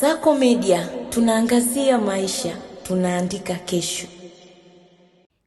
Sako Media tunaangazia maisha, tunaandika kesho.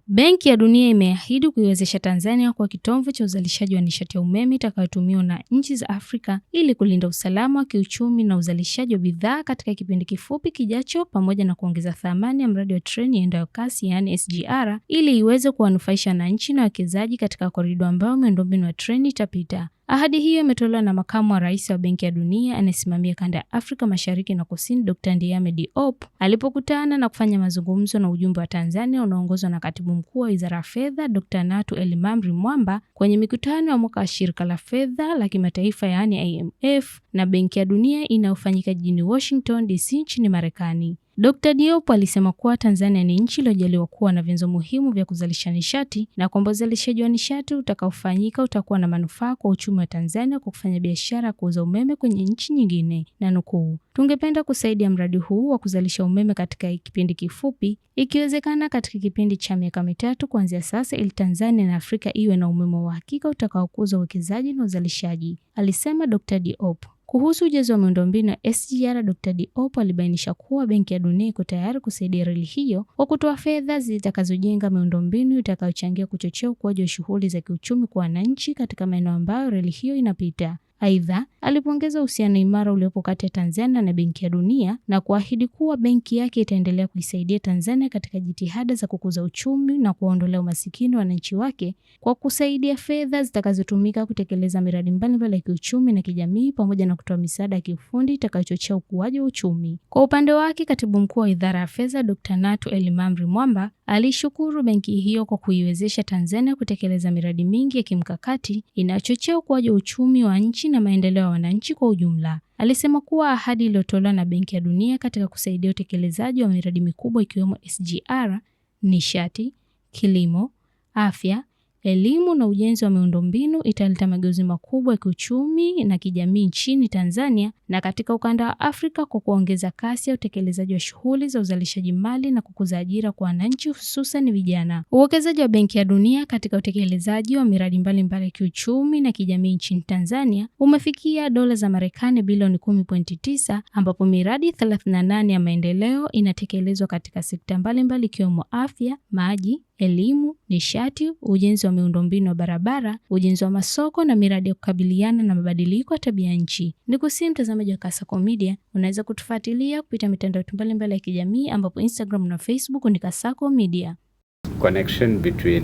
Benki ya Dunia imeahidi kuiwezesha Tanzania kuwa kitovu cha uzalishaji wa nishati ya umeme itakayotumiwa na nchi za Afrika ili kulinda usalama wa kiuchumi na uzalishaji wa bidhaa katika kipindi kifupi kijacho, pamoja na kuongeza thamani ya mradi wa treni iendayo kasi, yaani SGR, ili iweze kuwanufaisha wananchi na wawekezaji katika korido ambayo miundombinu ya treni itapita. Ahadi hiyo imetolewa na makamu wa rais wa Benki ya Dunia anayesimamia kanda ya Afrika Mashariki na Kusini, Dr. Ndiame Diop alipokutana na kufanya mazungumzo na ujumbe wa Tanzania unaoongozwa na Katibu Mkuu wa Wizara ya Fedha, Dr. Natu Elimamri Mwamba kwenye mikutano ya mwaka wa Shirika la Fedha la Kimataifa yaani IMF na Benki ya Dunia inayofanyika jijini Washington DC nchini Marekani. Dr. Diop alisema kuwa Tanzania ni nchi iliyojaliwa kuwa na vyanzo muhimu vya kuzalisha nishati na kwamba uzalishaji wa nishati utakaofanyika utakuwa na manufaa kwa uchumi wa Tanzania kwa kufanya biashara ya kuuza umeme kwenye nchi nyingine, na nukuu, tungependa kusaidia mradi huu wa kuzalisha umeme katika kipindi kifupi, ikiwezekana katika kipindi cha miaka mitatu kuanzia sasa, ili Tanzania na Afrika iwe na umeme wa hakika utakaokuza uwekezaji na uzalishaji, alisema Dr. Diop. Kuhusu ujenzi wa miundombinu ya SGR, Dr. Diop alibainisha kuwa Benki ya Dunia iko tayari kusaidia reli hiyo kwa kutoa fedha zitakazojenga miundombinu itakayochangia kuchochea ukuaji wa shughuli za kiuchumi kwa wananchi katika maeneo ambayo reli hiyo inapita. Aidha, alipongeza uhusiano imara uliopo kati ya Tanzania na Benki ya Dunia na kuahidi kuwa benki yake itaendelea kuisaidia Tanzania katika jitihada za kukuza uchumi na kuwaondolea umasikini wananchi wake kwa kusaidia fedha zitakazotumika kutekeleza miradi mbalimbali ya kiuchumi na kijamii pamoja na kutoa misaada ya kiufundi itakayochochea ukuaji wa uchumi. Kwa upande wake, Katibu Mkuu wa Idara ya Fedha Dr. Natu Elimamri Mwamba alishukuru benki hiyo kwa kuiwezesha Tanzania kutekeleza miradi mingi ya kimkakati inayochochea ukuaji wa uchumi wa nchi na maendeleo ya wananchi kwa ujumla. Alisema kuwa ahadi iliyotolewa na Benki ya Dunia katika kusaidia utekelezaji wa miradi mikubwa ikiwemo SGR, nishati, kilimo, afya, Elimu na ujenzi wa miundombinu italeta mageuzi makubwa ya kiuchumi na kijamii nchini Tanzania na katika ukanda wa Afrika kwa kuongeza kasi ya utekelezaji wa shughuli za uzalishaji mali na kukuza ajira kwa wananchi hususan vijana. Uwekezaji wa Benki ya Dunia katika utekelezaji wa miradi mbalimbali ya kiuchumi na kijamii nchini Tanzania umefikia dola za Marekani bilioni 10.9 ambapo miradi 38 ya maendeleo inatekelezwa katika sekta mbalimbali ikiwemo afya, maji elimu, nishati, ujenzi wa miundombinu ya barabara, ujenzi wa masoko na miradi ya kukabiliana na mabadiliko ya tabia nchi. ni Nikusihi mtazamaji wa Kasaco Media, unaweza kutufuatilia kupitia mitandao yetu mbalimbali ya kijamii ambapo Instagram na Facebook ni Kasaco Media. Connection between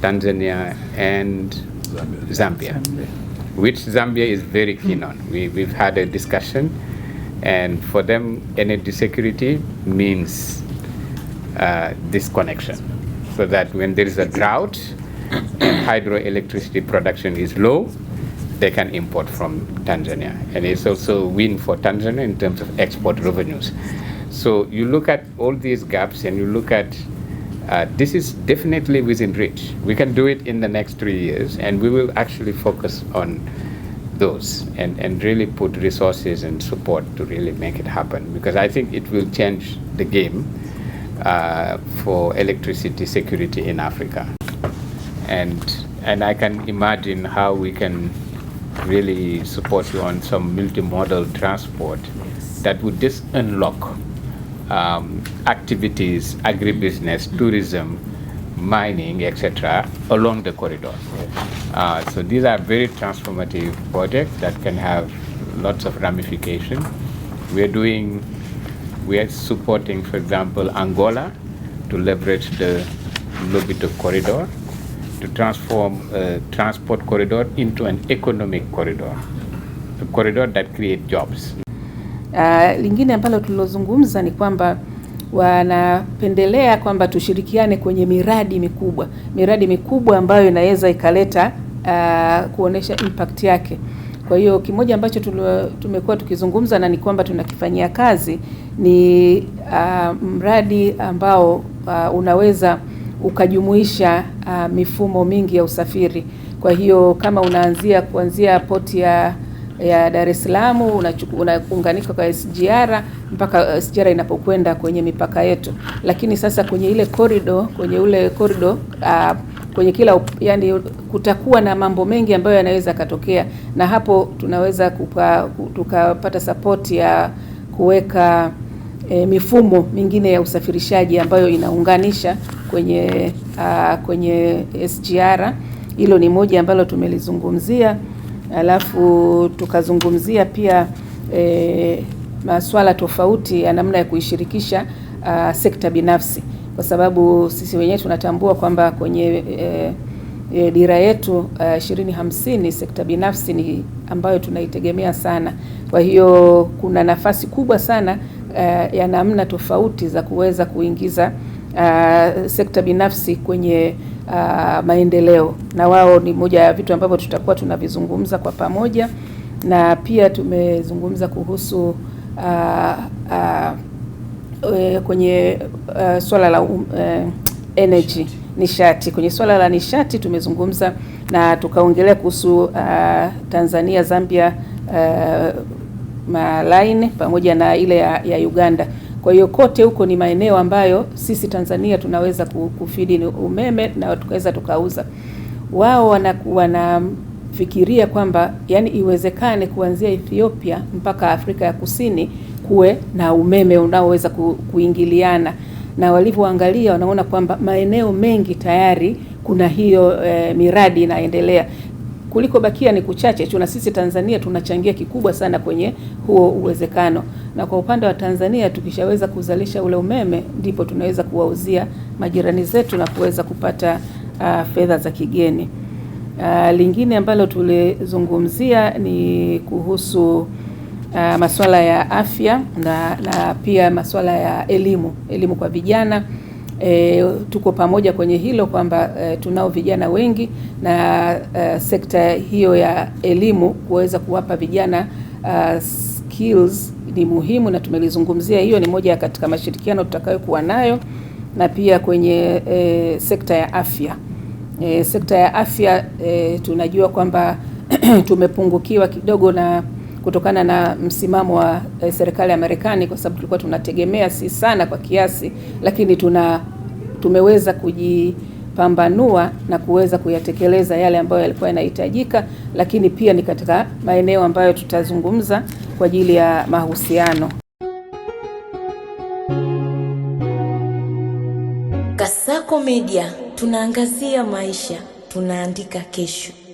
Tanzania and Zambia. Zambia. Which Zambia is very keen on. We, we've had a discussion and for them energy security means uh, this connection. so that when there is a drought, and hydroelectricity production is low, they can import from Tanzania. And it's also a win for Tanzania in terms of export revenues. So you look at all these gaps and you look at uh, this is definitely within reach. We can do it in the next three years, and we will actually focus on those and, and really put resources and support to really make it happen because I think it will change the game uh, for electricity security in Africa. And, and I can imagine how we can really support you on some multimodal transport yes. that would just unlock um, activities, agribusiness, tourism, mining, etc., along the corridor. Yes. Uh, so these are very transformative projects that can have lots of ramification. We're doing We are supporting, for example, Angola to leverage the Lobito corridor to transform a uh, transport corridor into an economic corridor, a corridor that creates jobs. Uh, lingine ambalo tulilozungumza ni kwamba wanapendelea kwamba tushirikiane kwenye miradi mikubwa, miradi mikubwa ambayo inaweza ikaleta uh, kuonesha impact yake. Kwa hiyo kimoja ambacho tumekuwa tukizungumza na ni kwamba tunakifanyia kazi ni uh, mradi ambao uh, unaweza ukajumuisha uh, mifumo mingi ya usafiri. Kwa hiyo kama unaanzia kuanzia poti ya ya Dar es Salaam unaunganika kwa SGR mpaka eh, SGR inapokwenda kwenye mipaka yetu, lakini sasa kwenye ile korido kwenye ule korido uh, kwenye kila yani, kutakuwa na mambo mengi ambayo yanaweza katokea, na hapo tunaweza kupa, tukapata sapoti ya kuweka e, mifumo mingine ya usafirishaji ambayo inaunganisha kwenye a, ah, kwenye SGR. Hilo ni moja ambalo tumelizungumzia, alafu tukazungumzia pia e, eh, masuala tofauti ya namna ya kuishirikisha a, ah, sekta binafsi kwa sababu sisi wenyewe tunatambua kwamba kwenye e, e, dira yetu eh, ishirini uh, hamsini sekta binafsi ni ambayo tunaitegemea sana. Kwa hiyo kuna nafasi kubwa sana uh, ya namna tofauti za kuweza kuingiza uh, sekta binafsi kwenye uh, maendeleo, na wao ni moja ya vitu ambavyo tutakuwa tunavizungumza kwa pamoja, na pia tumezungumza kuhusu uh, uh, uh, kwenye uh, swala la um, uh, energy nishati. Kwenye swala la nishati tumezungumza na tukaongelea kuhusu uh, Tanzania, Zambia uh, malaini pamoja na ile ya, ya Uganda. Kwa hiyo kote huko ni maeneo ambayo sisi Tanzania tunaweza kufidi umeme na tukaweza tukauza. Wao wana, wana fikiria kwamba yani iwezekane kuanzia Ethiopia mpaka Afrika ya Kusini kuwe na umeme unaoweza kuingiliana, na walivyoangalia wanaona kwamba maeneo mengi tayari kuna hiyo e, miradi inaendelea kuliko bakia ni kuchache tu, na sisi Tanzania tunachangia kikubwa sana kwenye huo uwezekano. Na kwa upande wa Tanzania tukishaweza kuzalisha ule umeme, ndipo tunaweza kuwauzia majirani zetu na kuweza kupata uh, fedha za kigeni. Uh, lingine ambalo tulizungumzia ni kuhusu uh, eh, masuala ya afya na, na pia masuala ya elimu, elimu kwa vijana. E, tuko pamoja kwenye hilo kwamba e, tunao vijana wengi na e, sekta hiyo ya elimu kuweza kuwapa vijana uh, skills ni muhimu, na tumelizungumzia hiyo. Ni moja katika mashirikiano tutakayokuwa nayo na pia kwenye e, sekta ya afya e, sekta ya afya e, tunajua kwamba tumepungukiwa kidogo na kutokana na msimamo wa e, serikali ya Marekani kwa sababu tulikuwa tunategemea si sana kwa kiasi, lakini tuna tumeweza kujipambanua na kuweza kuyatekeleza yale ambayo yalikuwa yanahitajika, lakini pia ni katika maeneo ambayo tutazungumza kwa ajili ya mahusiano. Kasako Media tunaangazia maisha, tunaandika kesho.